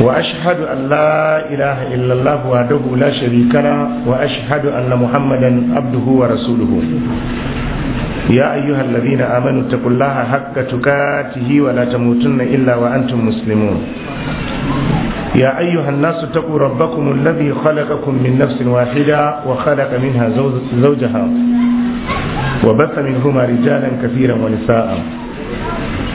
وأشهد أن لا إله إلا الله وحده لا شريك له وأشهد أن محمدا عبده ورسوله يا أيها الذين آمنوا اتقوا الله حق تكاته ولا تموتن إلا وأنتم مسلمون يا أيها الناس اتقوا ربكم الذي خلقكم من نفس واحدة وخلق منها زوجها وبث منهما رجالا كثيرا ونساء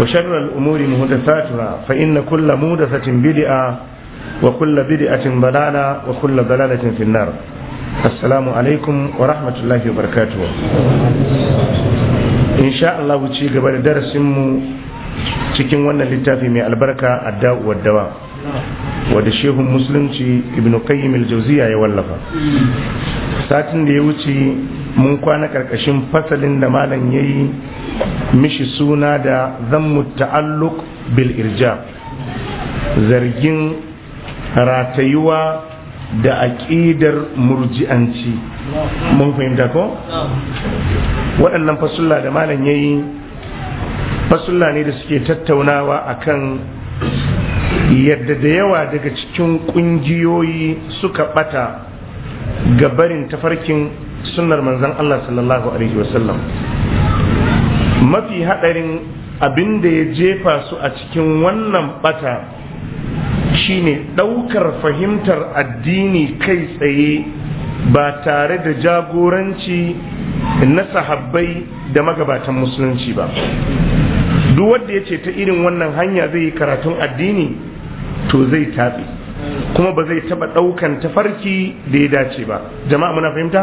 وشر الأمور مهدفاتها فإن كل مهدفة بدعة وكل بدعة ضلالة وكل ضلالة في النار السلام عليكم ورحمة الله وبركاته إن شاء الله وشي قبل درس cikin wannan littafi mai albarka adda'u waddawa wadda shehun musulunci ibn qayyim al-jawziya ya wallafa satin da ya wuce mun kwana karkashin fasalin da malam ya yi mishi suna da zammu ta'alluq bil irja zargin ratayuwa da aƙidar murji'anci mun fahimta ko waɗannan fasulla da malam ya yi fasulla ne da suke tattaunawa a kan yadda da yawa daga cikin ƙungiyoyi suka ɓata gabarin tafarkin sunnar manzan Allah sallallahu alaihi wasallam mafi haɗarin abin da ya jefa su a cikin wannan bata shine ɗaukar fahimtar addini kai tsaye ba tare da jagoranci na sahabbai da magabatan musulunci ba duk wanda ya ce ta irin wannan hanya zai yi karatun addini to zai tafi. kuma ba zai taba daukan tafarki da ya dace ba jama'a muna fahimta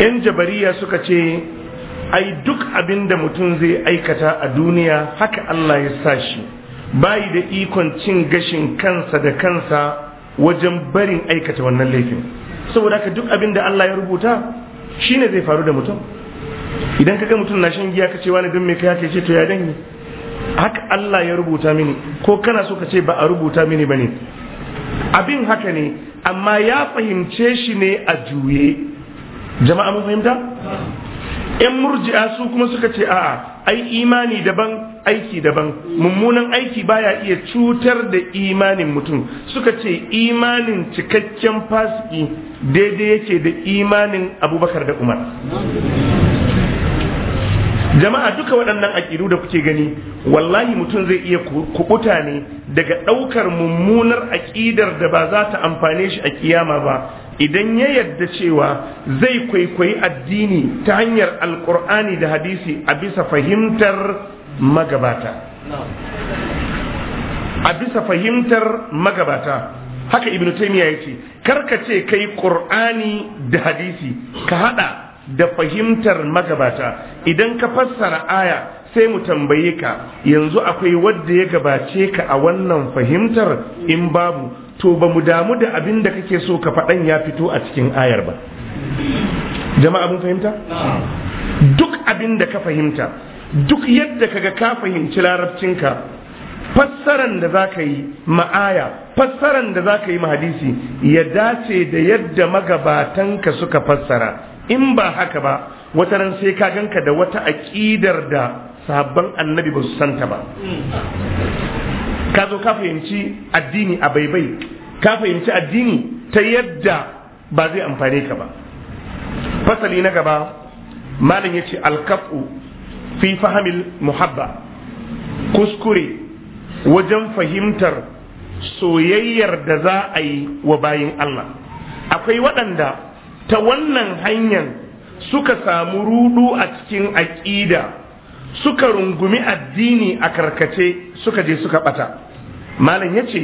yan jabariya suka ce ai duk abin da mutum zai aikata a duniya haka Allah ya sa shi bayi da ikon cin gashin kansa da kansa wajen barin aikata wannan laifin saboda haka duk abin da Allah ya rubuta shine zai faru da mutum idan ka ga mutum na shan giya ka ce wani don me kai ake ce to ya danyi haka Allah ya rubuta mini ko kana so ka ce ba a rubuta mini bane abin haka ne amma ya fahimce shi ne a juye jama'a mun fahimta yan murji'a su kuma suka ce a'a ai imani daban aiki daban mummunan aiki baya iya cutar da imanin mutum suka ce imanin cikakken fasiki daidai yake da imanin abubakar da umar jama'a duka waɗannan aƙidu da kuke gani wallahi mutum zai iya kubuta ne daga ɗaukar mummunar aƙidar da ba za ta amfane shi a kiyama ba idan ya yarda cewa zai kwaikwayi addini ta hanyar alƙur'ani da hadisi a bisa fahimtar magabata a bisa fahimtar magabata haka ibn taymiya yace karka ce kai qur'ani da hadisi ka hada da fahimtar magabata idan ka fassara aya sai mu tambaye ka yanzu akwai wanda ya gabace ka a wannan fahimtar in babu to ba mu damu da abin da kake so ka faɗan ya fito a cikin ayar ba jama'a mun fahimta duk abin da ka fahimta duk yadda kaga ka fahimci larabcinka fassaran da za ka yi ma'aya fassaran da za ka yi hadisi ya dace da yadda magabatanka suka fassara in ba haka ba wata ran sai ka ganka da wata aƙidar da sahabban annabi ba su santa ba ka zo ka fahimci addini a baibai ka fahimci addini ta yadda ba zai amfane ka ba fasali na gaba malam yace alkafu fi fahamil muhabba kuskure wajen fahimtar soyayyar da za a yi wa bayin Allah akwai waɗanda ta wannan hanyar suka samu rudu a cikin aƙida suka rungumi addini a karkace suka je suka bata malam ya ce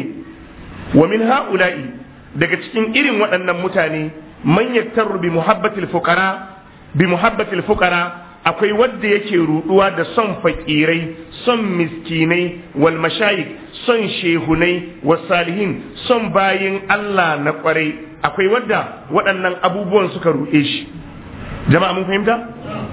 wa min ha'ula'i daga cikin irin waɗannan mutane man yaktaru bi muhabbatil fuqara bi muhabbatil fuqara akwai wadda yake ruduwa da son fakirai son miskinai wal mashayikh son shehunai wa salihin son bayin Allah na kwarai akwai wadda waɗannan abubuwan suka ruɗe shi jama'a mun fahimta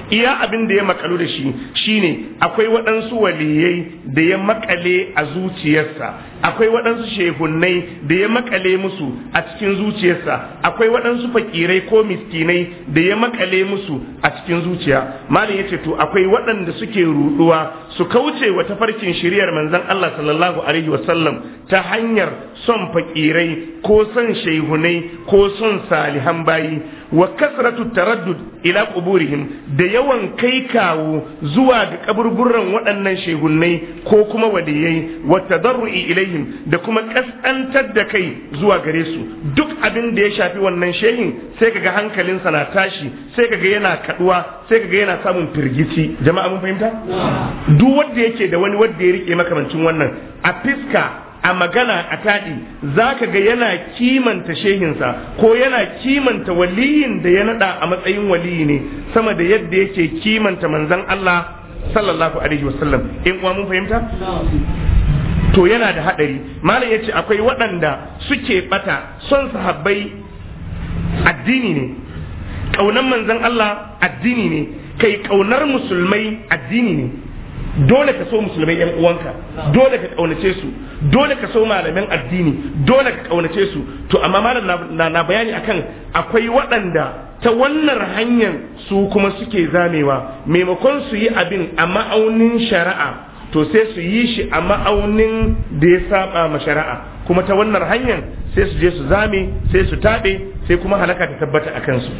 iya abin da ya makalu da shi shine akwai waɗansu waliyai da ya makale a zuciyarsa akwai waɗansu shehunnai da ya makale musu a cikin zuciyarsa akwai waɗansu fakirai ko miskinai da ya makale musu a cikin zuciya malam yace to akwai waɗanda suke ruɗuwa su kauce wa tafarkin shiriyar manzon Allah sallallahu alaihi wasallam ta hanyar son fakirai ko son shehunai ko son salihan bayi wa kasratu taraddud ila quburihim da yawan kai kawo zuwa ga kaburburan waɗannan shegunnai ko kuma waliyai wa tadarru'i ilaihim da kuma kaskantar da kai zuwa gare su duk abin da ya shafi wannan shehin sai kaga hankalinsa na tashi sai kaga yana kaduwa sai kaga yana samun firgici jama'a mun fahimta duk wanda yake da wani wanda ya rike makamancin wannan a fiska a magana a taɗi za ka ga yana kimanta shehinsa ko yana kimanta waliyin da ya naɗa a matsayin waliyi ne sama da yadda yake kimanta manzan Allah sallallahu alaihi wasallam in kuma mun fahimta? to yana da haɗari malam ya ce akwai waɗanda suke ɓata son sahabbai addini ne ƙaunar manzan Allah addini ne kai ƙaunar musulmai addini ne dole ka so musulmai yan uwanka dole ka kaunace su dole ka so malamin addini dole ka kaunace su to amma malam na, bayani akan akwai waɗanda ta wannan hanyar su kuma suke zamewa maimakon su yi abin a ma'aunin shari'a to sai su yi shi a ma'aunin da ya saba ma shari'a kuma ta wannan hanyar sai su je su zame sai su taɓe sai kuma halaka ta tabbata a kansu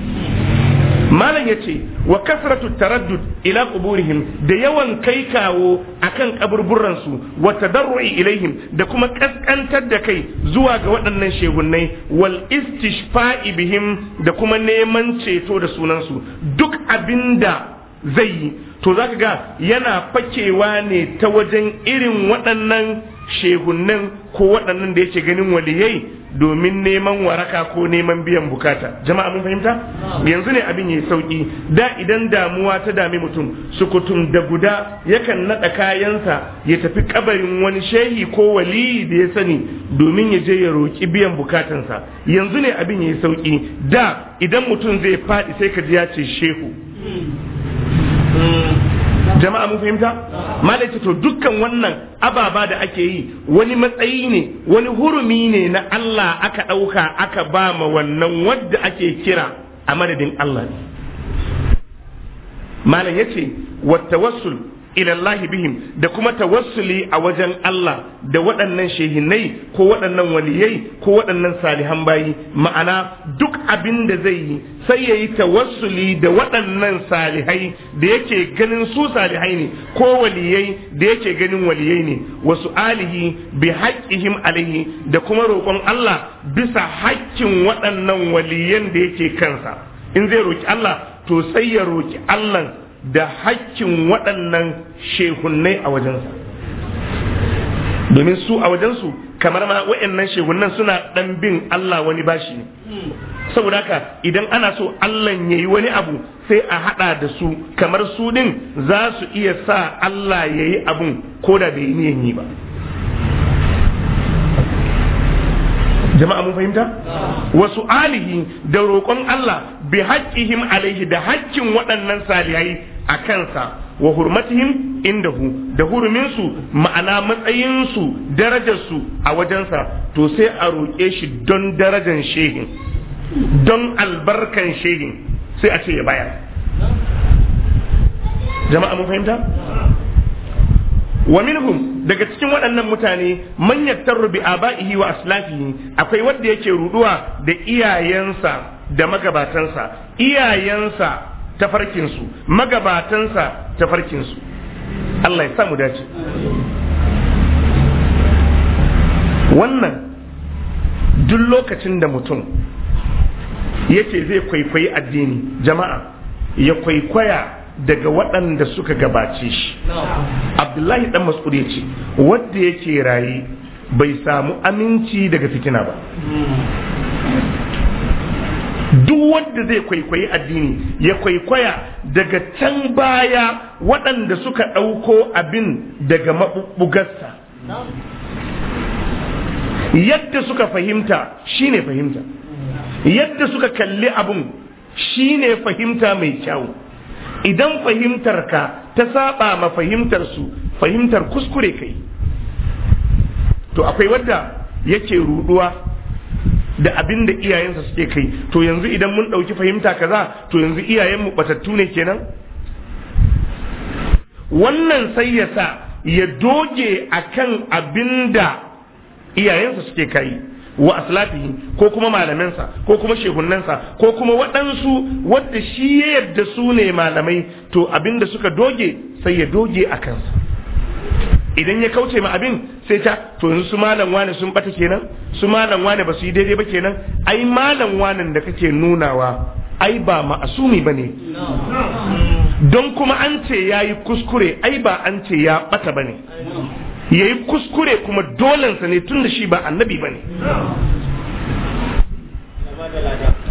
malam yace wa kasratu taraddud ila quburihim da yawan kai kawo akan kaburburan su wa tadarrui ilaihim da kuma kaskantar da kai zuwa ga waɗannan shegunnai wal istishfa'i bihim da kuma neman ceto da sunansu duk abinda zai yi to zaka ga yana fakewa ne ta wajen irin waɗannan shehunnan ko waɗannan da yake ganin waliyai domin neman waraka ko neman biyan bukata jama'a mun fahimta yanzu ne abin ya sauki da idan damuwa ta dami mutum sukutum da guda yakan nada kayansa ya tafi kabarin wani shehi ko wali da ya sani domin ya je ya roki biyan bukatansa yanzu ne abin ya sauki da idan mutum zai faɗi sai ka ji ya ce shehu jama'a mun fahimta malai ce to dukkan wannan ababa da ake yi wani matsayi ne wani hurumi ne na Allah aka ɗauka aka ba ma wannan wadda ake kira a madadin Allah ne malam yace wa tawassul ilallahi bihim da kuma tawassuli a wajen Allah da waɗannan shehinai ko waɗannan waliyai ko waɗannan salihan bayi ma'ana duk abin da zai yi sai ya yi tawassuli da waɗannan salihai da yake ganin su salihai ne ko waliyai da yake ganin waliyai ne wasu alihi bi haƙƙihim alaihi da kuma roƙon Allah bisa haƙƙin waɗannan waliyan da yake kansa in zai roƙi Allah to sai ya roƙi Allah da haƙƙin waɗannan shehunnai a wajensa domin su a wajensu kamar ma waɗannan shehunnan suna ɗan bin Allah wani bashi ne saboda haka idan ana so Allah ya yi wani abu sai a haɗa da su kamar su ɗin za su iya sa Allah ya yi abun ko da bai yi yi ba jama'a mun fahimta wasu alihi da roƙon Allah bi haƙƙihim alaihi da haƙƙin waɗannan salihai a kansa wa hurmatihim indahu da huruminsu ma'ana matsayinsu darajarsu a wajensa to sai a roƙe shi don darajan shehin don albarkan shehin sai a ce ya bayar jama'a mun fahimta wa minhum daga cikin waɗannan mutane man yattaru bi aba'ihi wa aslafihi akwai wanda yake ruduwa da iyayensa da magabatansa iyayensa tafarkinsu magabatansa tafarkinsu Allah ya samu dace wannan duk lokacin da mutum yake zai kwaikwayi addini jama'a ya kwaikwaya daga waɗanda suka gabace shi abdullahi dan mas'ud ya ce wadda yake raye bai samu aminci daga fitina ba duk wanda zai kwaikwayi addini ya kwaikwaya daga can baya waɗanda suka ɗauko abin daga maɓuɓɓugarsa yadda suka fahimta shine fahimta yadda suka kalli abin shine fahimta mai kyau idan fahimtarka ta saba ma fahimtar su fahimtar kuskure kai to akwai wadda yake ruɗuwa. da abin da iyayensa suke kai to yanzu idan mun ɗauki fahimta kaza to yanzu iyayenmu batattu ne kenan wannan sai ya sa ya doge akan abin da iyayensa suke kai wa aslafihi ko kuma malamansa ko kuma shehunansa ko kuma waɗansu wadda shi ya yadda su ne malamai to abin da suka doge sai ya doge a kansa idan ya kauce ma abin sai ta to yanzu su malam wane sun bata kenan su malam wane ba su yi daidai ba kenan ai malam wanen da kake nunawa ai ba ma'asumi ba ne don kuma an ce ya yi kuskure ai ba an ce ya bata ba ne ya yi kuskure kuma dolensa ne tun da shi ba annabi ba ne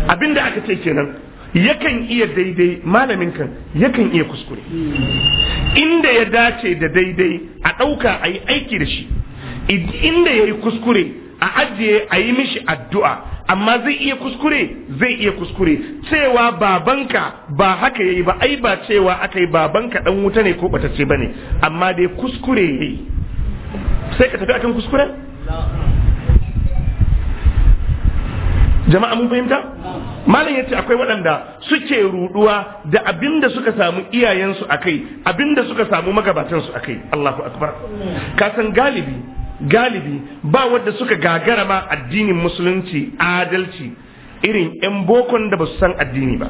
Abin da aka ce kenan yakan iya daidai malamin kan yakan iya kuskure inda ya dace da daidai a ɗauka a yi aiki da shi inda yayi kuskure a ajiye a mishi addu'a amma zai iya kuskure zai iya kuskure cewa babanka ba haka yayi ba ai ba cewa aka babanka dan wuta ne ko ce bane amma dai kuskure yayi sai ka tafi akan kuskuren jama'a mun fahimta malam yace akwai waɗanda suke ruduwa da abinda suka samu iyayensu akai abinda suka samu magabatansu akai Allahu akbar ka san galibi galibi ba wadda suka gagara ma addinin musulunci adalci irin yan bokon da ba su san addini ba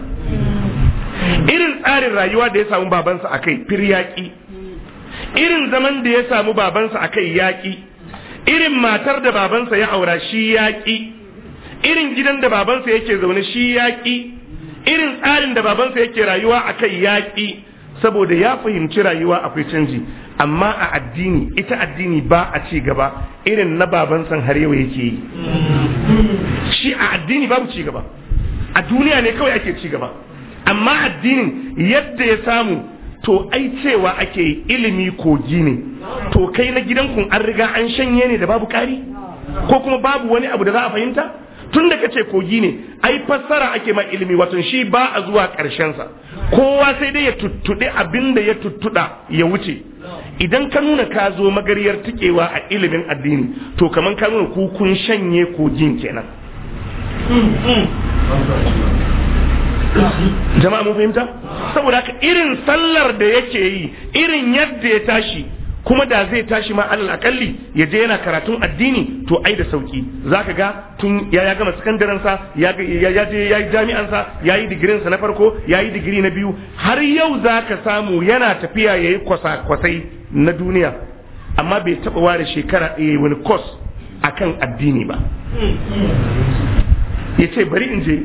irin tsarin rayuwa da ya samu babansa akai firyaki irin zaman da ya samu babansa akai yaƙi. irin matar da babansa ya aura shi yaki irin gidan da babansa yake zaune shi yaƙi irin tsarin da babansa yake rayuwa a kai yaƙi saboda ya fahimci rayuwa akwai canji amma a addini ita addini ba a ci gaba irin na babansa har yau yake yi shi a addini babu ci gaba a duniya ne kawai ake ci gaba amma addinin yadda ya samu to ai cewa ake ilimi kogi ne to kai na gidan kun an riga an shanye ne da babu kari ko kuma babu wani abu da za a fahimta tun da kace kogi ne ai fassara ake ma ilimi wato shi ba a zuwa ƙarshen sa kowa sai dai ya tuttuɗe abin da ya tuttuɗa ya wuce idan ka nuna ka zo magariyar tikewa a ilimin addini to kaman ka nuna ku kun shanye kogin kenan jama'a mun fahimta saboda haka irin sallar da yake yi irin yadda ya tashi kuma da zai tashi ma alal akalli ya je yana karatun addini to ai da sauki zaka ga tun ya gama sakandaren sa ya ya je ya yi jami'an sa ya yi digirin sa na farko ya yi digiri na biyu har yau zaka samu yana tafiya yayi kwasa kwasai na duniya amma bai taba ware shekara ɗaya eh, wani course akan addini ba hmm. yace bari in je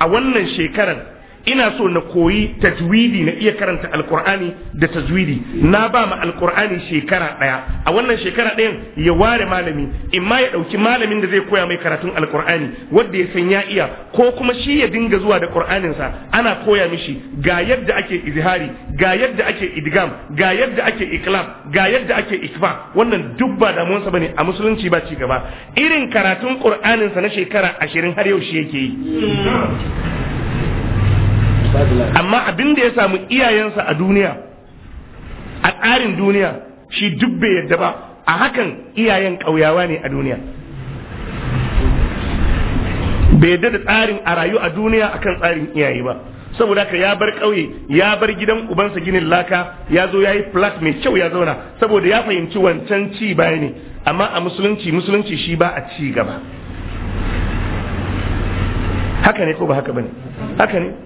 a wannan shekarar ina so na koyi tajwidi na iya karanta alkur'ani da tajwidi na ba ma alkur'ani shekara ɗaya a wannan shekara ɗayan ya ware malami in ma ya ɗauki malamin da zai koya mai karatun alkur'ani wanda ya san ya iya ko kuma shi ya dinga zuwa da ƙur'aninsa ana koya mishi ga yadda ake izhari ga yadda ake idgam ga yadda ake iklab ga yadda ake ikfa wannan duk ba damuwarsa bane a musulunci ba ci gaba irin karatun ƙur'aninsa na shekara ashirin har yau shi yake yi amma abin da ya samu iyayensa a duniya a tsarin duniya shi duk bai yadda ba a hakan iyayen ƙauyawa ne a duniya bai yadda da tsarin a rayu a duniya akan tsarin iyaye ba saboda haka ya bar ƙauye ya bar gidan ubansa ginin laka ya zo ya yi flat mai kyau ya zauna saboda ya fahimci wancan ci baya ne amma a musulunci musulunci shi ba a ci gaba haka ne ko ba haka bane haka ne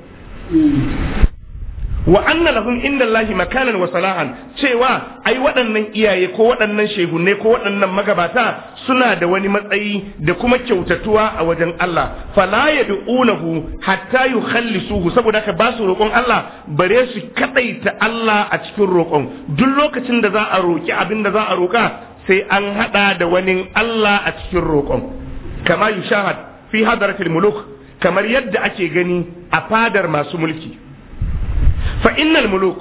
wa anna lahum inda Allahi makanan wa salahan cewa ai waɗannan iyaye ko waɗannan shehunne ko waɗannan magabata suna da wani matsayi da kuma kyautatuwa a wajen Allah fala du'unahu hatta yukhallisuhu saboda ka ba su roƙon Allah bare su kadaita Allah a cikin roƙon duk lokacin da za a roƙi abin da za a roƙa sai an hada da wani Allah a cikin roƙon kama yushahad fi hadratil muluk kamar yadda ake gani a fadar masu mulki fa innal muluk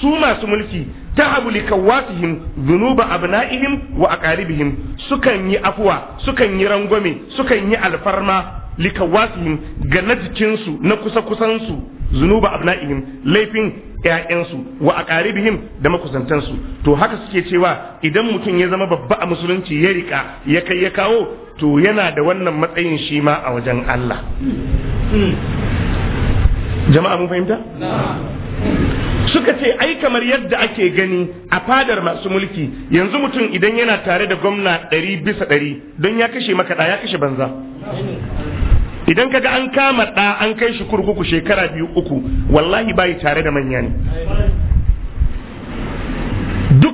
su masu mulki ta abu likawatihim zunuba abna'ihim wa aqaribihim sukan yi afuwa sukan yi rangwame sukan yi alfarma likawatihim ga najikinsu na kusa kusansu zunuba abna'ihim laifin ‘ya'yansu wa aqaribihim da makusantansu to haka suke cewa idan mutum ya zama babba a musulunci ya rika ya kai ya kawo to yana da wannan matsayin shi ma a wajen Allah jama'a mun fahimta suka ce ai kamar yadda ake gani a fadar masu mulki yanzu mutum idan yana tare da gwamna ɗari bisa ɗari don ya kashe maka ya kashe banza idan kaga an kama ɗa an kai shi kurkuku shekara biyu uku wallahi bayi tare da manya ne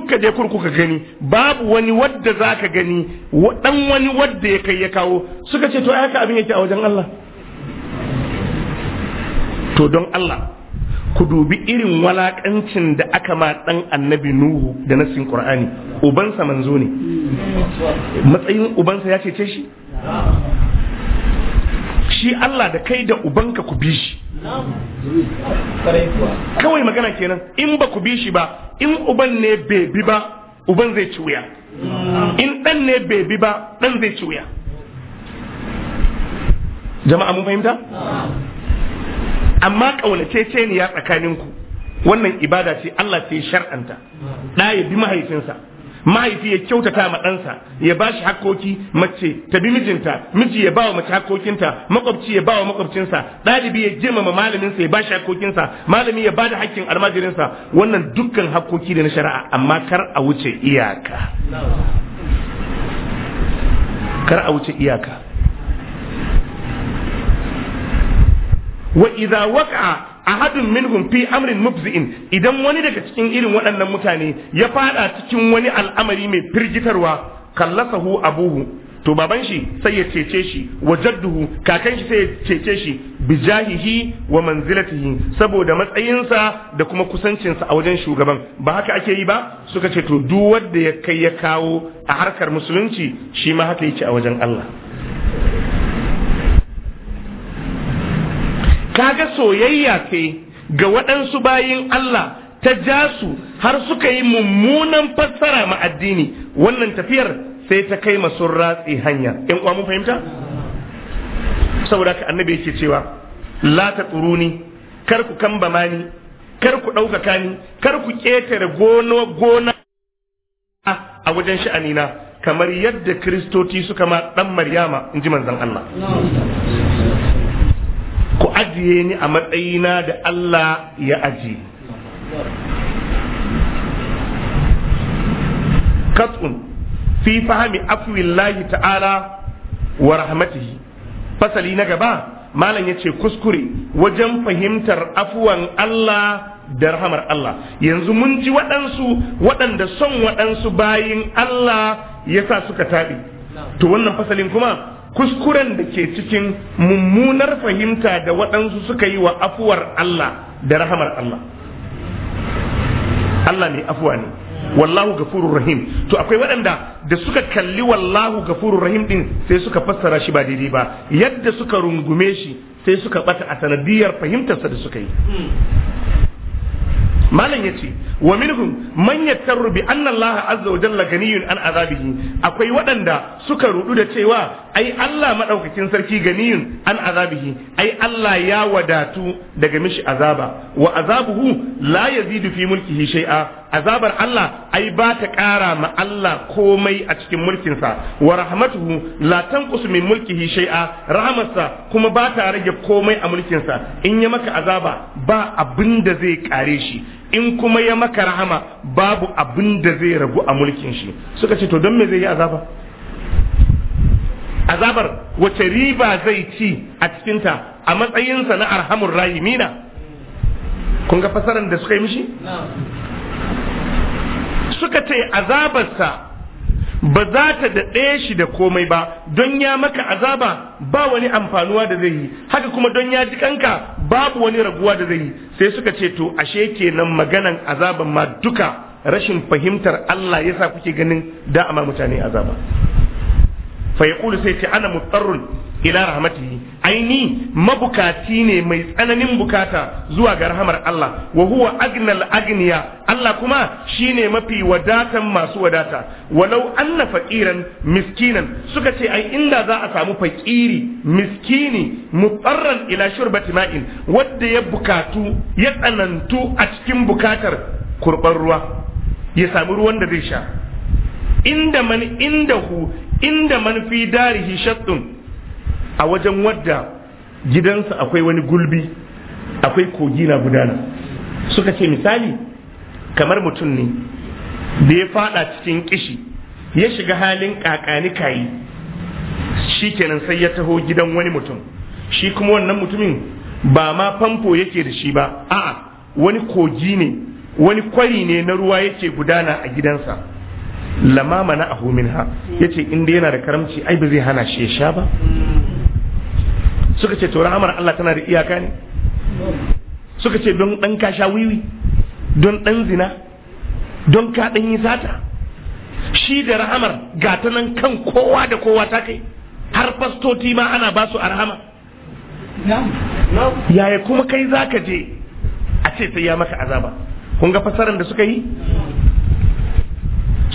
kuka ka je kuka gani babu wani wadda za ka gani dan wani wadda ya kai ya kawo suka ce to ai haka abin yake a wajen Allah to don Allah ku dubi irin walakancin da aka ma dan annabi Nuhu da nasin Qur'ani ubansa manzo ne matsayin ubansa ya ce ce shi shi Allah da kai da ubanka ku bi shi kawai magana kenan in ba ku bi shi ba in uban ne bai bi ba uban zai ci wuya in dan ne bai bi ba dan zai ci wuya jama'a mun fahimta amma kaunacece ne ya tsakaninku wannan ibada ce Allah ce shar'anta da ya bi mahaifinsa mahaifi ya kyautata ma ɗansa ya ba shi hakkoki mace ta bi mijinta miji ya ba wa mace hakkokinta makwabci ya ba wa makwabcinsa ɗalibi ya girmama malaminsa ya ba shi hakkokinsa malami ya ba da hakkin almajirinsa wannan dukkan hakkoki ne na shari'a amma kar a wuce iyaka kar a wuce iyaka wa idza waqa'a ahadun minhum fi amrin mubzi'in idan wani daga cikin irin waɗannan mutane ya fada cikin wani al'amari mai firgitarwa kallasahu abuhu to baban shi sai ya cece shi wa jadduhu kakan shi sai ya cece shi bi jahihi wa manzilatihi saboda matsayinsa da kuma kusancinsa a wajen shugaban ba haka ake yi ba suka ce to duk wanda ya kai ya kawo a harkar musulunci shi ma haka yake a wajen Allah kaga soyayya ce ga waɗansu bayin Allah ta ja su har suka yi mummunan fassara ma addini wannan tafiyar sai ta kai masu ratsi hanya in uwa mun fahimta saboda haka annabi yake cewa la ta ni, kar ku kambama ni kar ku ɗaukaka ni kar ku ƙetare gona a wajen sha'anina kamar yadda kiristoci suka ma ɗan maryama in ji manzan Allah ku ajiye ni a matsayina da Allah ya ajiye. katsun fi fahami afwillahi ta'ala wa rahmatihi fasali na gaba malam ya ce kuskure wajen fahimtar afuwan Allah da rahamar Allah yanzu mun ji waɗansu waɗanda son waɗansu bayin Allah ya sa suka taɓi to wannan fasalin kuma kuskuren da ke cikin mummunar fahimta da waɗansu suka yi wa afuwar Allah da rahamar Allah Allah ne afuwa ne wallahu gafurur rahim to akwai waɗanda da suka kalli wallahu gafurur rahim ɗin sai suka fassara shi ba daidai ba yadda suka rungume shi sai suka ɓata a sanadiyar fahimtarsa da suka yi malam ya ce, wa minhum man yattaru bi anna Allah azza wa jalla ganiyun an azabihi akwai waɗanda suka rudu da cewa ai Allah madaukakin sarki ganiyun an azabihi ai Allah ya wadatu daga mishi azaba wa azabuhu la yazidu fi mulkihi shay'a azabar Allah ai ba ta ƙara ma Allah komai a cikin mulkinsa wa rahmatuhu la tanqusu min mulkihi shay'a rahmatsa kuma ba ta rage komai a mulkinsa in ya maka azaba ba abin zai kare shi in kuma ya maka rahama babu abinda zai ragu a mulkin shi suka ce to don me zai yi azaba azabar wace riba zai ci a cikin ta a matsayinsa na arhamun rahimina kun ga fasaran da suka yi mishi suka ce azabarsa ba za ta daɗe shi da komai ba don ya maka azaba ba wani amfanuwa da zai yi haka kuma don ya ji kanka babu wani raguwa da zai yi sai suka ce to ashe kenan maganan azaban ma duka rashin fahimtar Allah yasa kuke ganin da mutane azaba fa yaqulu sai ce ana mutarrun ila rahmatihi aini mabukaci ne mai tsananin bukata zuwa ga rahamar Allah wa huwa agnal agniya Allah kuma shine mafi wadatan masu wadata walau anna faqiran miskinan suka ce ai inda za a samu fakiri miskini mutarran ila shurbati ma'in wanda ya bukatu ya tsanantu a cikin bukatar kurban ruwa ya samu ruwan da zai sha inda man indahu inda man fi darihi shaddun a wajen wadda gidansa akwai wani gulbi akwai kogi na gudana suka ce misali kamar mutum ne da ya fada cikin kishi ya shiga halin kakani kayi shi kenan sai ya taho gidan wani mutum shi kuma wannan mutumin ba ma famfo yake da shi ba a'a wani kogi ne wani kwari ne na ruwa yake gudana a gidansa lamama na ahu minha yace inda yana da karamci ai ba zai hana shi ya sha ba suka ce to rahamar Allah tana da iyaka ne suka ce don dan kasha wiwi don dan zina don ka dan yi sata shi da rahamar ga ta nan kan kowa da kowa ta kai har fastoti ma ana ba su arhama yaya kuma kai zaka je a ce sai ya maka azaba kun ga fasaran da suka yi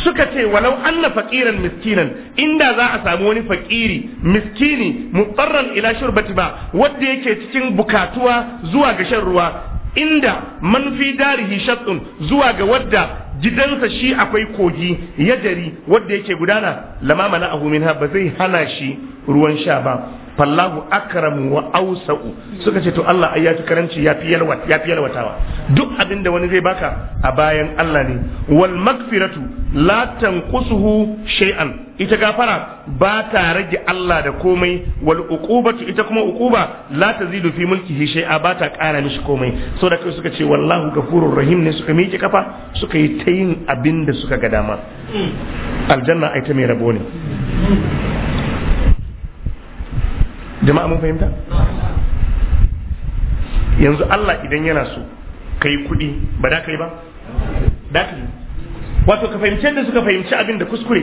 suka ce walau anna faqiran miskinan inda za a samu wani fakiri miskini muqarran ila shurbati ba wanda yake cikin bukatuwa zuwa ga shan ruwa inda man fi darihi shatun zuwa ga wadda gidansa shi akwai kogi ya jari wadda yake gudana lama mana ahu ha ba zai hana shi ruwan sha ba fallahu akramu wa ausa'u suka ce to Allah ai karanci yafi yalwat yafi yalwatawa duk abinda wani zai baka a bayan Allah ne wal magfiratu la tanqusuhu shay'an ita gafara ba ta rage Allah da komai wal uqubatu ita kuma uquba la tazidu fi mulkihi shay'a ba ta kara mishi komai so da kai suka ce wallahu gafurur rahim ne suka miƙe kafa suka yi ta yin abin da suka ga dama aljanna ai ta mai rabo ne jama'a mun fahimta yanzu Allah idan yana so kai kuɗi ba da kai ba da kai wato ka fahimci yadda suka fahimci abin da kuskure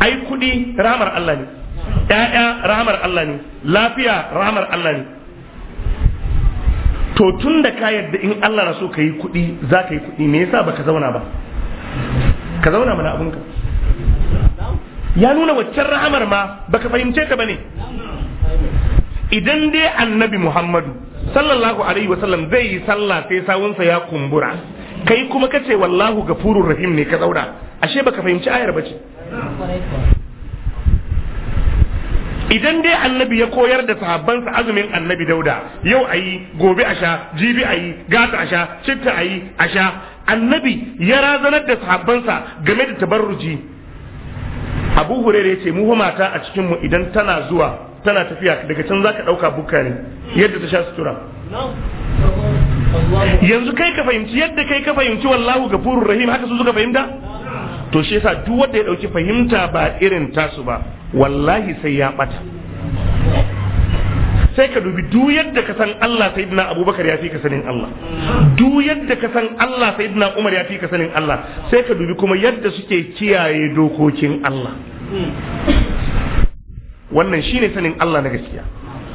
ai kuɗi rahamar Allah ne Ƴaƴa, rahamar Allah ne lafiya rahamar Allah ne to tun da ka yadda in Allah na so ka yi kuɗi za ka yi kuɗi me yasa baka zauna ba ka zauna mana ka. ya nuna waccan rahamar ma baka fahimce ta bane idan dai annabi Muhammadu sallallahu alaihi wasallam zai yi sallah sai sawunsa ya kumbura kai kuma ka ce wallahu gafurur rahim ne ka zauna ashe baka fahimci ayar ba ce. idan dai annabi ya koyar da sahabbansa azumin annabi dauda yau a yi gobe a sha jibi a yi gata a sha citta a yi a sha annabi ya razanar da sahabbansa game da tabarruji abu hurere ce mu mata a cikinmu idan tana zuwa tana tafiya daga can za ka ɗauka bukka yadda ta sha sutura yanzu kai ka fahimci yadda kai ka fahimci wallahu gafurur rahim haka su suka fahimta to shi yasa duk wanda ya dauki fahimta ba irin tasu ba wallahi sai ya bata sai ka dubi duk yadda ka san Allah sayyidina Abubakar ya fi ka sanin Allah duk yadda ka san Allah sayyidina Umar ya fi ka sanin Allah sai ka dubi kuma yadda suke kiyaye dokokin Allah wannan shine sanin Allah na gaskiya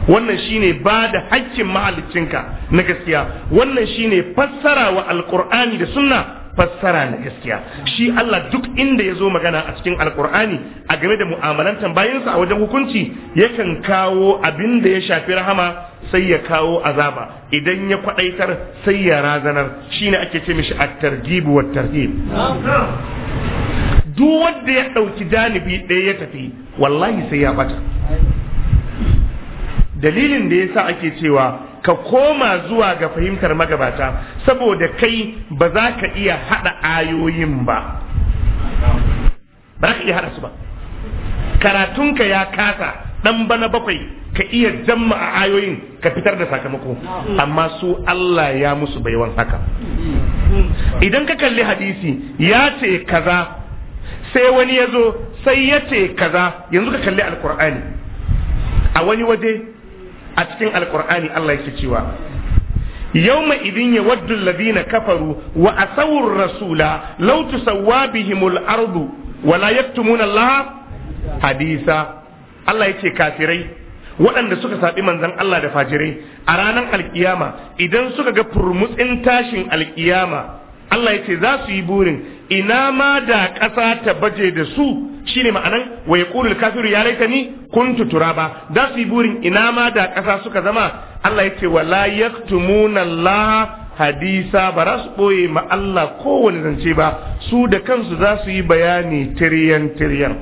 wannan shine ba da haƙƙin mahaliccinka na gaskiya wannan shine fassara wa alƙur'ani da sunna fassara na gaskiya shi Allah duk inda ya zo magana a cikin alƙur'ani a game da mu'amalantan bayansa a wajen hukunci yakan kawo abin da ya shafi rahama sai ya kawo azaba idan ya kwaɗaitar sai ya razanar shine ake ce mishi at-targhib wa tarhib duk wanda ya ɗauki janibi ɗaya ya tafi wallahi sai ya bata dalilin da yasa ake cewa ka koma zuwa ga fahimtar magabata saboda kai ba za ka iya hada ayoyin ba ba za ka iya hada su ba karatunka ya kasa dan bana bakwai ka iya jamma a ayoyin ka fitar da sakamako amma su Allah ya musu baiwan haka idan ka kalli hadisi ya ce kaza sai wani ya zo sai ya ce kaza yanzu ka kalli alkur'ani a wani waje a cikin alkur'ani Allah yake cewa yawma idin ya waddu alladhina kafaru wa asawur rasula law tusawwa bihimul ardu wa la yaktumuna Allah hadisa Allah yake kafirai waɗanda suka saɓi manzan Allah da fajirai a ranar alkiyama idan suka ga furmutsin tashin alkiyama Allah ya ce za su yi burin ina ma da ƙasa ta baje da su shine ma'anan wa ƙulul kafiru ya laitani kuntu turaba da su burin ina ma da ƙasa suka zama Allah yace wa yaktumuna Allah hadisa ba za su ɓoye ma Allah kowane zance ba su da kansu za su yi bayani tiriyan tiriyan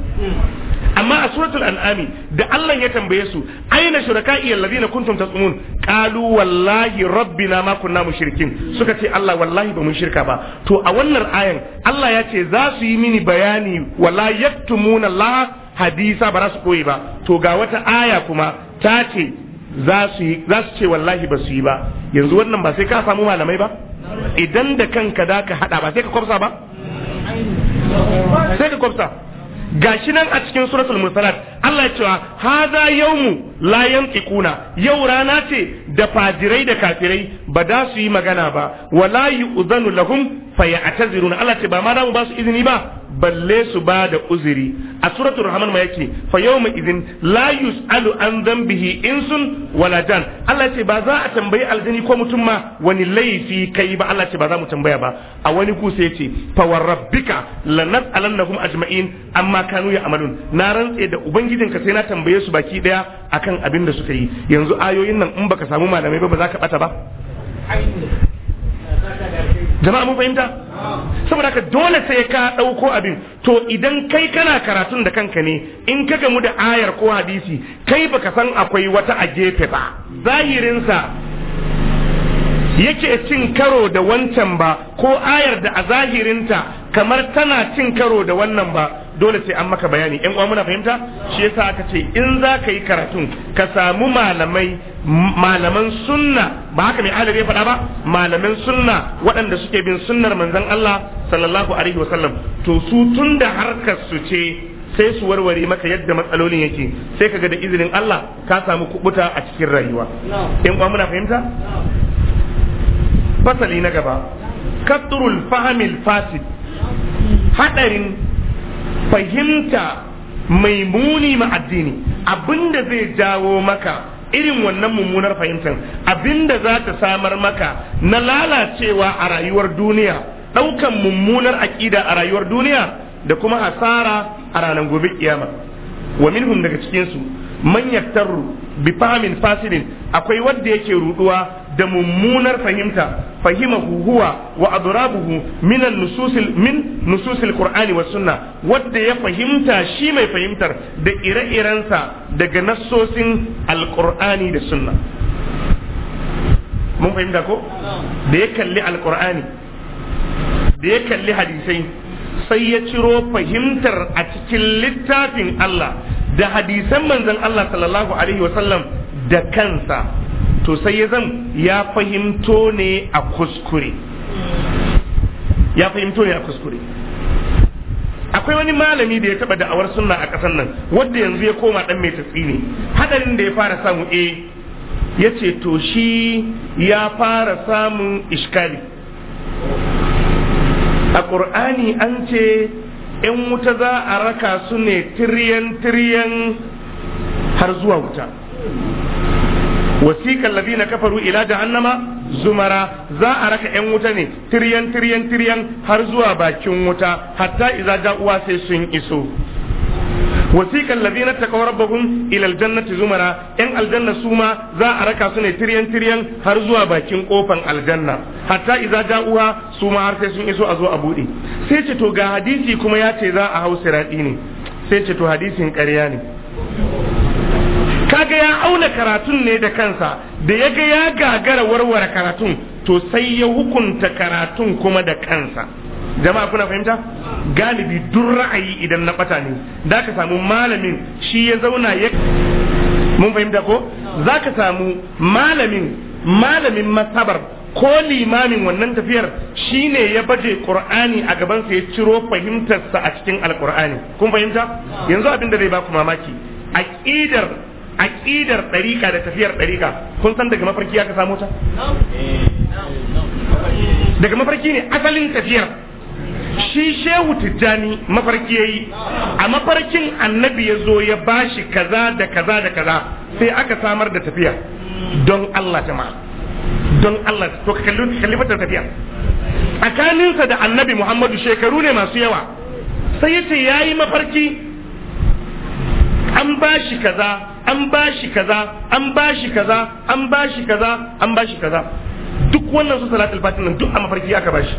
amma a suratul al'ami da Allah ya tambaye su aina shuraka'i alladhina kuntum tasumun qalu wallahi rabbina ma kunna mushrikin suka ce Allah wallahi ba mun shirka ba to a wannan ayan Allah ya ce za su yi mini bayani wala yaktumuna la hadisa ba za su koyi ba to ga wata aya kuma ta ce za su ce wallahi ba su yi ba yanzu wannan ba sai ka samu malamai ba idan da kanka da ka hada ba sai ka kwafsa ba sai ka kwafsa gashi nan a cikin suratul mursalat Allah ya cewa hadha yawmu la yantiquna yau rana ce da fadirai da kafirai ba da su yi magana ba wala yu'zanu lahum fayataziruna Allah ce ba ma za mu ba su izini ba balle su ba da uzuri a suratul rahman ma yake fa yawma idin la yusalu an dhanbihi insun wala jan Allah ce ba za a tambayi aljini ko mutum ma wani laifi kai ba Allah ce ba za mu tambaya ba a wani ku sai ce fa warabbika lanas'alannahum ajma'in amma kanu ya'malun na rantse da ubangijinka sai na tambaye su baki daya akan abin da suka yi yanzu ayoyin nan in baka samu malamai ba ba za ka bata ba jama'a mun fahimta saboda haka dole sai ka ɗauko abin to idan kai kana karatun da kanka ne in ka gamu da ayar ko hadisi kai baka san akwai wata a gefe ba zahirinsa yake cin karo da wancan ba ko ayar da a zahirinta kamar tana cin karo da wannan ba dole sai an maka bayani yan uwa muna fahimta shi yasa aka ce in za ka yi karatun ka samu malamai malaman sunna ba haka mai ahalar ya faɗa ba malaman sunna waɗanda suke bin sunnar manzon Allah sallallahu alaihi sallam to su tunda harkar su ce sai su warware maka yadda matsalolin yake sai ga da izinin Allah ka samu kubuta a cikin rayuwa in uwa muna fahimta fasali na gaba kasrul fahamil fasid hadarin fahimta mai muni ma addini abinda zai jawo maka irin wannan mummunar fahimtar abinda za ta samar maka na lalacewa a rayuwar duniya ɗaukan mummunar aƙida a rayuwar duniya da kuma asara a ranar gobe kiyama wa minhum daga cikinsu man yaktaru bi fahmin fasidin akwai wanda yake ruduwa da mummunar fahimta fahimahu huwa wa adrabuhu min nususil min nususil qur'ani was sunna wadda ya fahimta shi mai fahimtar da ire-irensa daga nassosin alqur'ani da sunna mun fahimta ko da ya kalli al alqur'ani da ya kalli hadisai sai ya ciro fahimtar a cikin littafin Allah da hadisan manzon Allah sallallahu alaihi wa sallam da kansa to sai ya zan ya fahimto ne a kuskure ya fahimto ne a kuskure akwai wani malami da ya taba da'awar sunna a ƙasar nan wanda yanzu ya koma dan mai tatsi ne hadarin da ya fara samu eh ya ce to shi ya fara samun ishkali a ƙur'ani an ce ‘yan wuta za a raka su ne tiriyan tiriyan har zuwa wuta wasiqal ladina kafaru ila jahannama zumara za a raka yan wuta ne tiryan tiryan tiryan har zuwa bakin wuta hatta idza ja'uwa sai sun iso wasiƙan lazina ta kawar ilal jannati zumara yan aljanna su ma za a raka su ne tiryan tiryan har zuwa bakin kofan aljanna hatta iza ja'uha su ma har sai sun iso a zo a buɗe sai ce to ga hadisi kuma ya ce za a hau siraɗi ne sai ce to hadisin ƙarya ne ga ya auna karatun ne da kansa da ya ga ya gagara warware karatun to sai ya hukunta karatun kuma da kansa jama'a kuna fahimta galibi duk ra'ayi idan na bata ne da ka samu malamin shi ya zauna ya mun fahimta ko za ka samu malamin malamin masabar ko limamin wannan tafiyar shi ne ya baje qur'ani a gabansa ya ciro fahimtarsa a cikin alqur'ani kun fahimta yanzu abin da zai baku ku mamaki aqidar aqidar ɗariƙa da tafiyar ɗariƙa kun san daga mafarki aka samu ta daga mafarki ne asalin tafiyar shi shehu tijjani mafarki ya yi. a mafarkin annabi ya zo ya ba shi kaza da kaza da kaza sai aka samar da tafiya don Allah jama'a don Allah to ka kalli tafiya tsakaninsa da annabi Muhammadu shekaru ne masu yawa sai ya yi mafarki an ba shi kaza an ba shi kaza an ba shi kaza an ba shi kaza an ba shi kaza duk wannan su salatul fatin nan duk a mafarki aka ba shi.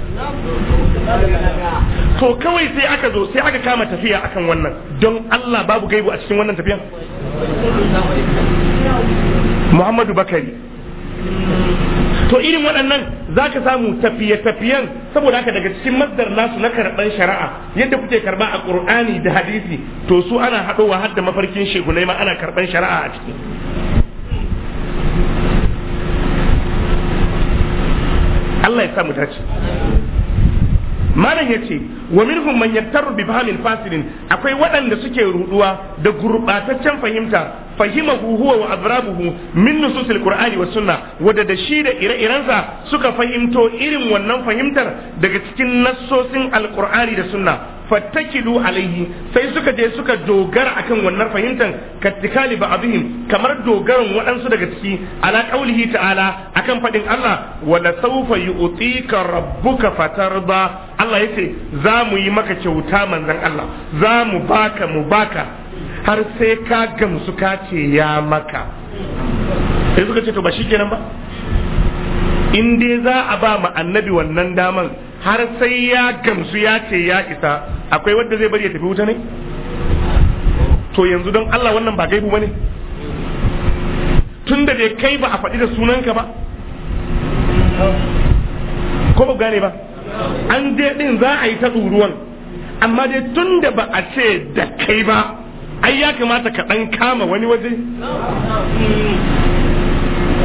to kawai sai aka zo sai aka kama tafiya akan wannan don Allah babu gaibu a cikin wannan tafiyan Muhammadu Bakari to irin waɗannan za ka samu tafiye-tafiyen saboda haka daga cikin masdar nasu na karɓar shari'a yadda kuke karɓa a ƙur'ani da hadisi to su ana haɗowa har da mafarkin shekulai ma ana karɓar shari'a a ciki Allah ya sa mu dace malam ya ce wa minhum man yattaru bi fahmin fasilin akwai waɗanda suke ruɗuwa da gurɓataccen fahimta fahimahu huwa wa azrabuhu min nususil qur'ani was sunna wanda da shi da ire-irensa suka fahimto irin wannan fahimtar daga cikin nassosin alqur'ani da sunna fattakilu alaihi sai suka je suka dogara akan wannan fahimtar kattikali ba abihim kamar dogaran waɗansu daga ciki ala qaulihi ta'ala akan fadin Allah wala sawfa yu'tika rabbuka fatarda Allah yace za mu yi maka kyauta manzon Allah za mu baka mu baka har sai ka gamsu ka ce ya maka sai suka ce to ba shi kenan ba in dai za a ba ma annabi wannan daman har sai ya gamsu ya ce ya isa akwai wanda zai bari ya tafi wuta ne to yanzu don Allah wannan ba gaibu bane tunda bai kai ba a faɗi da sunanka ba ko ba gane ba an je din za a yi ta tsuruwan amma dai tunda ba a ce da kai ba ai ya kamata ka kama wani waje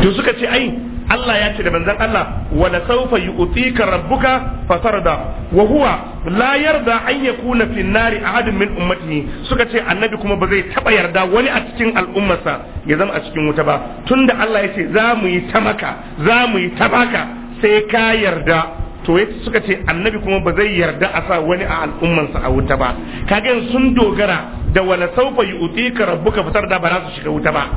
to suka ce ai Allah ya ce da manzon Allah wala saufa yu'tika rabbuka fatarda wa huwa la yarda an yakuna fi nari ahadun min ummatihi suka ce annabi kuma ba zai taba yarda wani a cikin al'ummarsa ya zama a cikin wuta ba tunda Allah ya ce za mu yi ta maka za mu yi ta baka sai ka yarda to suka ce annabi kuma ba zai yarda a sa wani a al'ummansa a wuta ba kaga sun dogara da wala saufa rabu rabbuka fitar da ba za su shiga wuta ba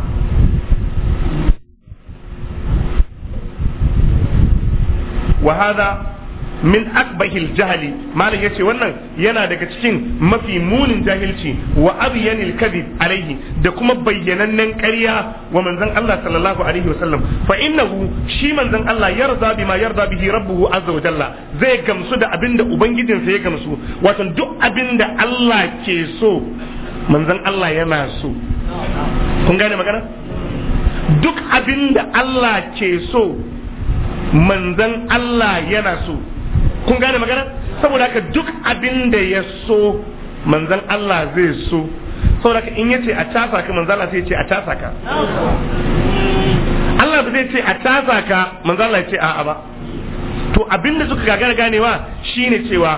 wa hada min akbahil jahali malam yace wannan yana daga cikin mafi munin jahilci wa abyanil kadhib alaihi da kuma bayyanannen ƙarya wa manzon Allah sallallahu alaihi wasallam fa innahu shi manzon Allah yarda bima yarda bihi rabbuhu azza wa jalla zai gamsu da abinda ubangijinsa ya gamsu wato duk abinda Allah ke so manzon Allah yana so kun gane magana duk abinda Allah ke so manzon Allah yana so kun gane magana saboda haka duk abin da ya so manzan Allah zai so saboda haka in ya ce a tasa ka manzan Allah zai ce a tasa ka Allah ba zai ce a tasa ka manzan Allah ya ce a'a ba to abin da suka gagara ganewa shine cewa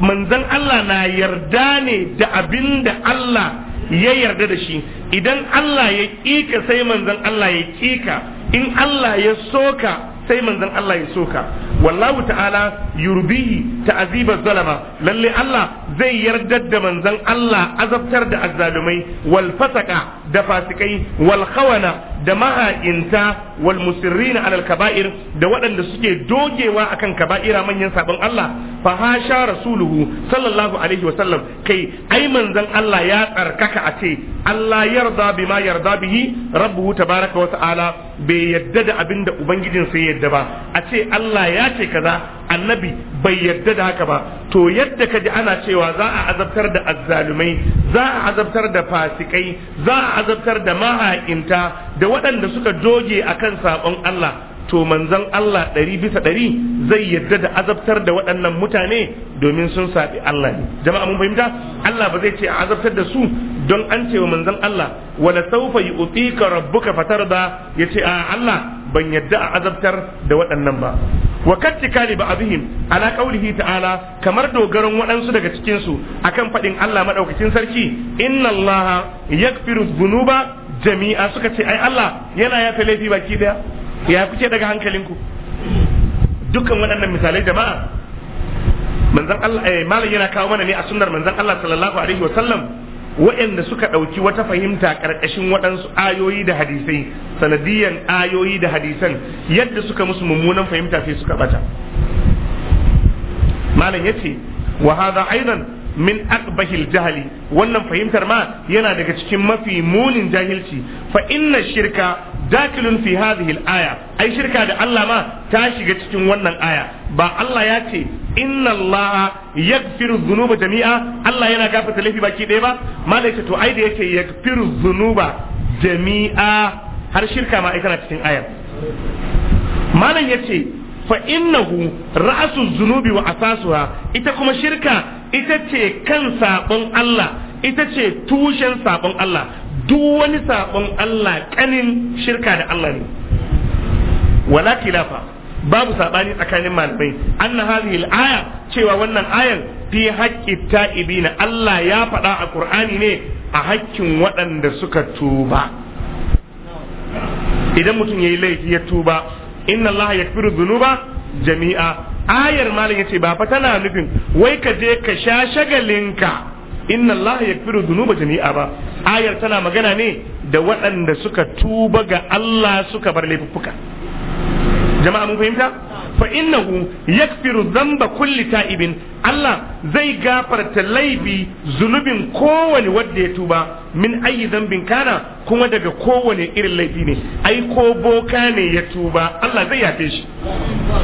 manzan Allah na yarda ne da abin da Allah ya yarda da shi idan Allah ya ƙika sai manzan Allah ya ƙika in Allah ya soka sai manzan Allah ya soka wallahu ta'ala yurbihi ta'ziba zalama lalle Allah zai yardar da manzon Allah azabtar da azzalumai wal fasaka da fasikai wal khawana da maha'inta wal musirrina alal kaba'ir da waɗanda suke dogewa akan kaba'ira manyan sabon Allah fa hasha rasuluhu sallallahu alaihi sallam kai ai manzon Allah ya tsarkaka a ce Allah yarda bima yarda bihi rabbuhu tabaraka wa ta'ala bai yadda da abinda ubangijin sai yadda ba a ce Allah ya ce kaza annabi annabi bai yadda da haka ba to yadda ka ji ana cewa za a azabtar da azzalumai za a azabtar da fasikai za a azabtar da maha'inta da waɗanda suka doge akan sabon Allah to manzon Allah ɗari bisa ɗari zai yadda da azabtar da waɗannan mutane domin sun saɓi Allah ne jama'a mun fahimta Allah ba zai ce a azabtar da su don an ce wa manzon Allah wala saufa yu'tika rabbuka ya yace a Allah ban yadda a azabtar da waɗannan ba wa kattikali ba abihim ala qaulihi ta'ala kamar dogaron waɗansu daga cikin su akan faɗin Allah maɗaukacin sarki inna Allah yakfiru dhunuba jami'a suka ce ai Allah yana yafe laifi baki ɗaya. ya kuke daga hankalinku dukkan waɗannan misalai jama'a manzan Allah eh, malam yana kawo mana ne a sunnar manzan Allah sallallahu alaihi wa sallam waɗanda suka ɗauki wata fahimta ƙarƙashin waɗansu ayoyi da hadisai sanadiyan ayoyi da hadisan yadda suka musu mummunan fahimta sai suka bata malam yace wa hadha aidan min aqbahil jahali wannan fahimtar ma yana daga cikin mafi munin jahilci fa inna shirka dakilun fi hadhihi al-aya ai shirka da Allah ma ta shiga cikin wannan aya ba Allah ya ce inna Allah yaghfiru dhunuba jami'a Allah yana gafarta laifi baki ɗaya ba malai to ai da yake yaghfiru dhunuba jami'a har shirka ma ai tana cikin ayar malam yace fa innahu ra'su dhunubi wa asasuha ita kuma shirka ita ce kan sabon Allah ita ce tushen sabon Allah duk wani sabon Allah kanin shirka da Allah ne wala kilafa babu sabani tsakanin malamai anna hadhihi al-aya cewa wannan ayar fi haqqi ta'ibina Allah ya faɗa a Qur'ani ne a haƙƙin waɗanda suka tuba idan mutum yayi laifi ya tuba inna Allah yakfiru dhunuba jami'a ayar malam yace ba fa tana nufin wai ka je ka sha shagalinka inna Allah yakfiru dhunuba jami'a ba ayar tana magana ne da waɗanda suka tuba ga Allah suka bar laifuffuka jama'a mun fahimta fa innahu yakfiru dhanba kulli ta'ibin Allah zai gafarta laifi zunubin kowane wanda ya tuba min ayi dhanbin kana kuma daga kowane irin laifi ne ai ko boka ne ya tuba Allah zai yafe shi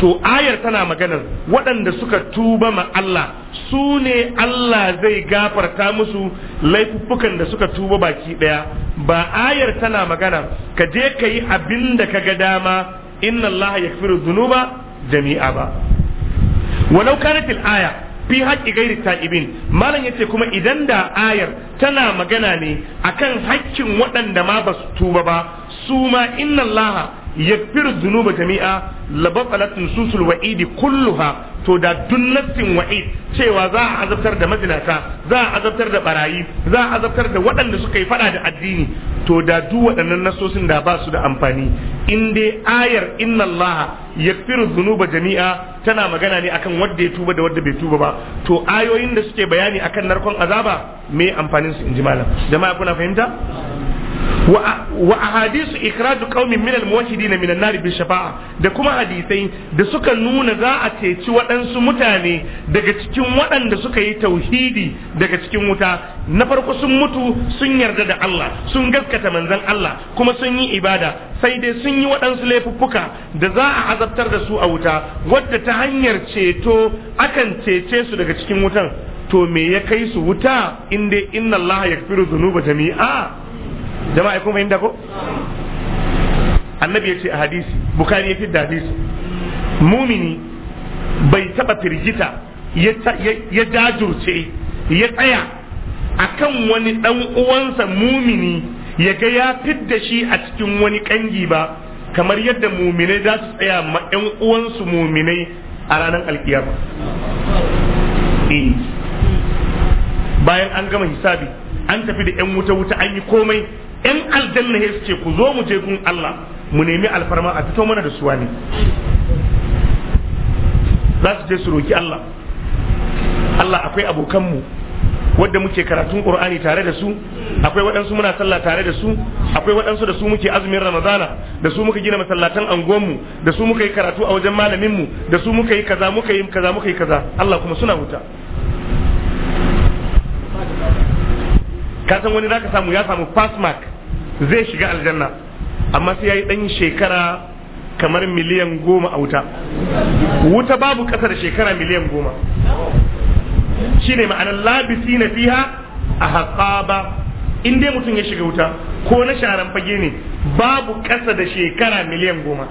to ayar tana magana waɗanda suka tuba ma Allah su ne Allah zai gafarta musu laifuffukan da suka tuba baki ɗaya ba ayar tana magana ka je ka yi abin da ka ga dama inna Allah ya zunuba jami'a ba walau kanatil aya fi haƙƙi gairi ta'ibin malam ce kuma idan da ayar tana magana ne akan haƙƙin waɗanda ma ba su tuba ba su ma inna Allah yakfiru dhunuba jami'a labatalat nususul wa'idi kulluha to da dunnatin wa'id cewa za a azabtar da mazinata za a azabtar da barayi za a azabtar da waɗanda suka yi fada da addini to da duk waɗannan nasosin da ba su da amfani in dai ayar inna Allah yakfiru dhunuba jami'a tana magana ne akan wanda ya tuba da wanda bai tuba ba to ayoyin da suke bayani akan narkon azaba me amfanin su in ji malam jama'a kuna fahimta wa ahadisu ikradu qaumin min almuwahhidin min an-nar bi shafa'a da kuma hadisai da suka nuna za a ceci waɗansu mutane daga cikin waɗanda suka yi tauhidi daga cikin wuta na farko sun mutu sun yarda da Allah sun gaskata manzon Allah kuma sun yi ibada sai dai sun yi waɗansu laifuffuka da za a azabtar da su a wuta wadda ta hanyar ceto akan cece su daga cikin wutan to me ya kai su wuta inda inna Allah yakfiru dhunuba jami'a jama'a kuma yin ko annabi ya ce a hadisi bukari ya fidda hadisi mumini bai taba firgita ya jajurce ya tsaya akan wani ɗan uwansa mumini ya ga ya fidda shi a cikin wani kangi ba kamar yadda muminai za su tsaya ma yan uwansu muminai a ranar alkiyama eh. bayan an gama hisabi an tafi da yan wuta wuta an yi komai yan aljanna ya ce ku zo mu je gun Allah mu nemi alfarma a fito mana da suwa ne za su je su roki Allah Allah akwai abokanmu wadda muke karatun qur'ani tare da su akwai waɗansu muna sallah tare da su akwai waɗansu da su muke azumin ramadana da su muka gina masallatan angonmu da su muka yi karatu a wajen malaminmu da su muka yi kaza muka yi kaza muka yi kaza Allah kuma suna wuta ka san wani zaka samu ya samu fast mark zai shiga aljanna amma sai yayi dan shekara kamar miliyan goma a wuta wuta babu kasa da shekara miliyan goma shine ma'anar labisi na fiha a haƙaba in dai mutum ya shiga wuta ko na sharan fage ne babu kasa da shekara miliyan goma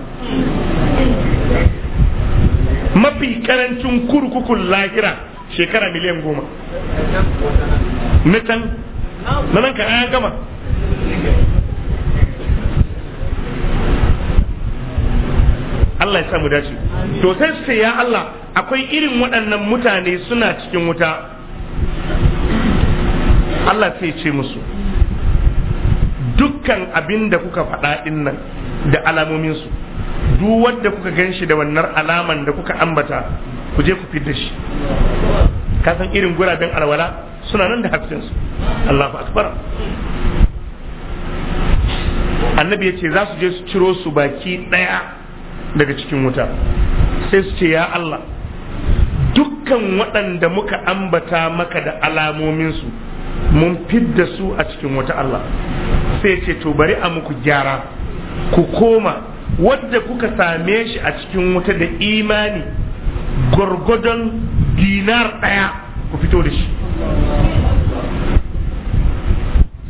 mafi karancin kurkukun lahira shekara miliyan goma na can na nan ka ɗaya gama Allah ya samu dace to sai su ya Allah akwai irin waɗannan mutane suna cikin wuta Allah sai ce musu dukkan abin da kuka faɗa nan da alamominsu duk wanda kuka gan shi da wannan alaman da kuka ambata ku je ku da shi kasan irin guraben alwala suna nan da hafizinsu Allahu akbar annabi ya ce za su je su ciro su baki ɗaya daga cikin wuta sai su ce ya Allah dukkan waɗanda muka ambata maka da alamominsu mun fidda su a cikin wata Allah sai ce to bari a muku gyara ku koma wadda kuka same shi a cikin wuta da imani gwargwadon dinar ɗaya ku fito da shi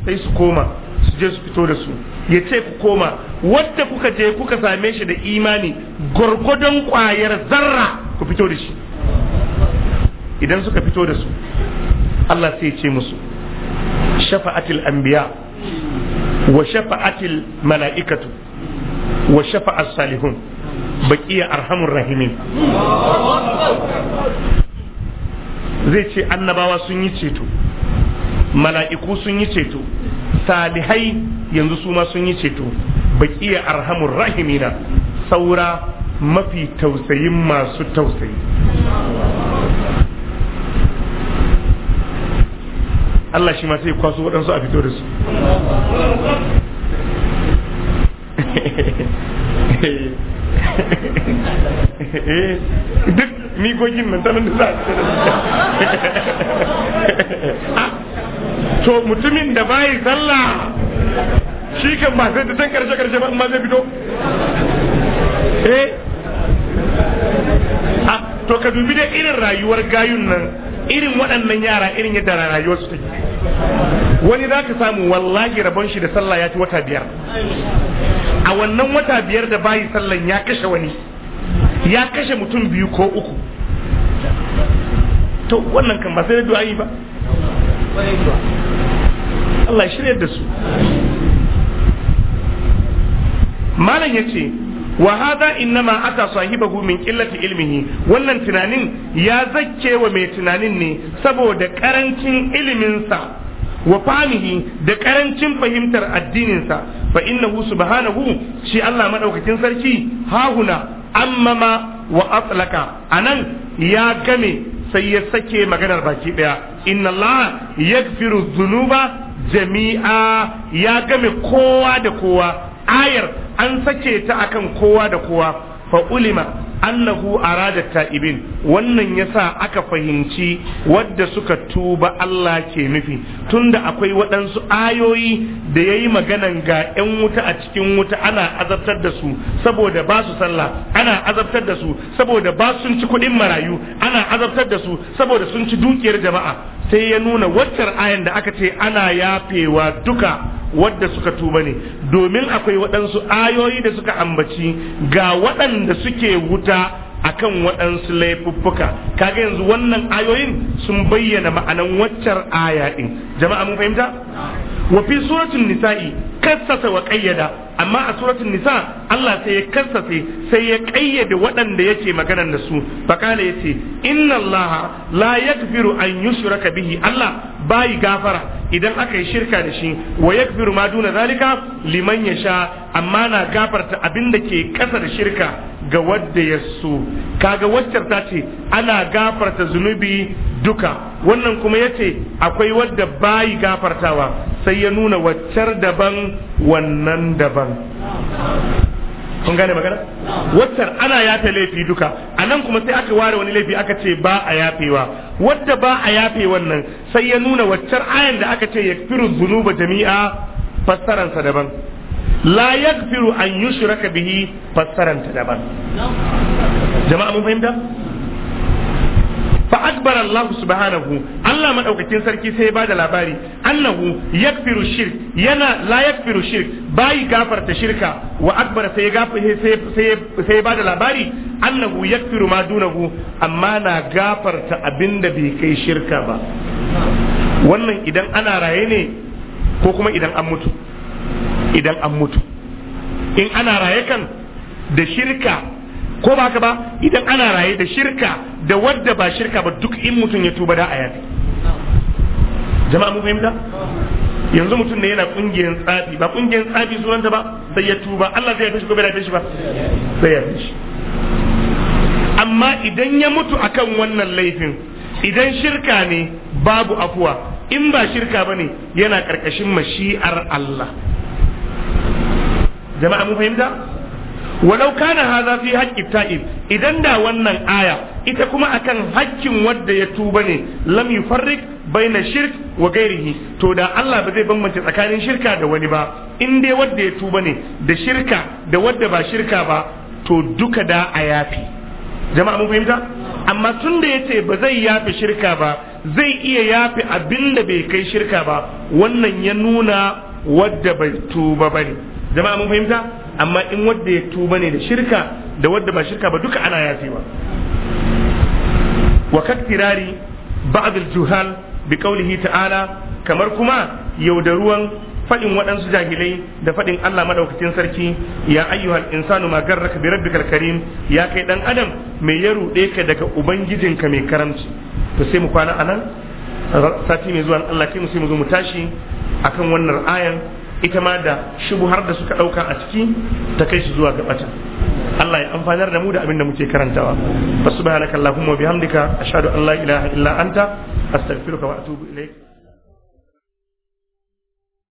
sai su koma su je su fito da su ya ce ku koma wadda kuka je kuka same shi da imani gwargwadon kwayar zarra ku fito da shi idan suka fito da su Allah sai ce musu shafa'atil anbiya wa shafa'atil mala'ikatu wa shafa'as salihun baqiya arhamur rahimin zai ce annabawa sun yi ceto mala'iku sun yi ceto salihai yanzu su ma sun yi ceto baqiya arhamur rahimina saura mafi tausayin masu tausayi Allah shi ma sai kwaso waɗansu a fito da su eh duk mi gogin nan tanan da za a ah, to mutumin da bai sallah shi kan ba sai ta can karshe karshe ba amma zai fito eh ah, to ka dubi da irin rayuwar gayun nan irin waɗannan yara irin yadda rayuwar su take wani za ka samu wallahi rabon shi da sallah ya ci wata biyar a wannan wata biyar da bayi sallan ya kashe wani ya kashe mutum biyu ko uku to wannan kan ba sai da du'a'i ba Allah ya shirya da su malam ya ce wa hada innama ata sahibahu min qillati ilmihi wannan tunanin ya zakke wa mai tunanin ne saboda karancin iliminsa wa fahimihi da karancin fahimtar addininsa fa innahu subhanahu shi Allah madaukakin sarki hahuna ammama wa aslaka anan ya game sai ya sake maganar baki daya inna allaha yaghfiru dhunuba jami'a ya game kowa da kowa ayar an sake ta akan kowa da kowa fa ulima annahu arada ta'ibin wannan yasa aka fahimci wadda suka tuba Allah ke nufi tunda akwai waɗansu ayoyi da yayi maganan ga 'yan wuta a cikin wuta ana azabtar da su saboda ba su sallah ana azabtar da su saboda ba sun ci kuɗin marayu ana azabtar da su saboda sun ci dukiyar jama'a sai ya nuna waccar ayan da aka ce ana yafewa duka wadda suka tuba ne domin akwai waɗansu ayoyi da suka ambaci ga waɗanda suke wuta a kan waɗansu laifuffuka kaga yanzu wannan ayoyin sun bayyana ma'anan waccar aya ɗin jama'a mun fahimta wa fi suratul nisa'i kassasa wa qayyada amma a suratul nisa Allah sai ya kassase sai ya qayyade waɗanda yake magana da su kana yace inna Allah la yaghfiru an yushraka bihi Allah bayi gafara idan aka yi shirka da shi wa yakfiru ma duna zalika liman ya sha. amma na gafarta abin da ke kasa da shirka ga wadda ya so kaga waccar ta ce ana gafarta zunubi duka wannan kuma ya ce akwai wadda bayi gafartawa sai ya nuna waccar daban wannan daban kun gane magana Wattar ana yafe laifi duka a nan kuma sai aka ware wani laifi aka ce ba a yafewa wadda ba a yafe wannan sai ya nuna waccar ayan da aka ce yakfiru zunuba jami'a fassaransa daban la yakfiru an yushraka bihi fassaranta daban jama'a mun fahimta fa Allah subhanahu Allah madaukakin sarki sai ya bada labari annahu yakfiru shirk yana la yakfiru shirk bai gafarta shirka wa akbara sai ya sai sai ya bada labari annahu yakfiru ma dunahu amma na gafarta abinda bai kai shirka ba wannan idan ana raye ne ko kuma idan an mutu idan an mutu in ana raye kan da shirka ko ba haka ba idan ana raye da shirka da wadda ba shirka ba duk in mutum ya tuba da a yafi jama'a mu fahimta yanzu mutum ne yana kungiyar tsafi ba kungiyar tsafi sunanta ba sai ya tuba Allah zai yafe shi ko bai yafe shi ba sai ya shi amma idan ya mutu akan wannan laifin idan shirka ne babu afuwa in ba shirka bane yana karkashin mashi'ar Allah jama'a mu fahimta walau kana haza fi haƙƙi ta'ib idan da wannan aya ita kuma akan haƙƙin wanda ya tuba ne lam yufarrik baina shirk wa gairihi to da Allah ba zai bambance tsakanin shirka da wani ba in dai wanda ya tuba ne da shirka da wanda ba shirka ba to duka da a yafi jama'a mun fahimta amma tun da yace ba zai yafi shirka ba zai iya yafi abinda bai kai shirka ba wannan ya nuna wanda bai tuba bane jama'a mun fahimta amma in wanda ya tuba ne da shirka da wanda ba shirka ba duka ana yafewa wa kaktirari ba'd al-juhal bi qawlihi ta'ala kamar kuma yaudaruwan fadin waɗansu jahilai da fadin Allah madaukakin sarki ya ayyuhal insanu ma garraka bi rabbikal karim ya kai dan adam mai ya ruɗe ka daga ubangijinka mai karamci to sai mu kwana anan sati mai zuwa Allah kai mu sai mu zo mu tashi akan wannan ayan ita ma da har da suka ɗauka a ciki ta kai su zuwa gabata Allah ya amfanar da mu da abin da muke karantawa fa subhanaka allahumma bihamdika ashhadu an la ilaha illa anta astaghfiruka wa atubu ilaik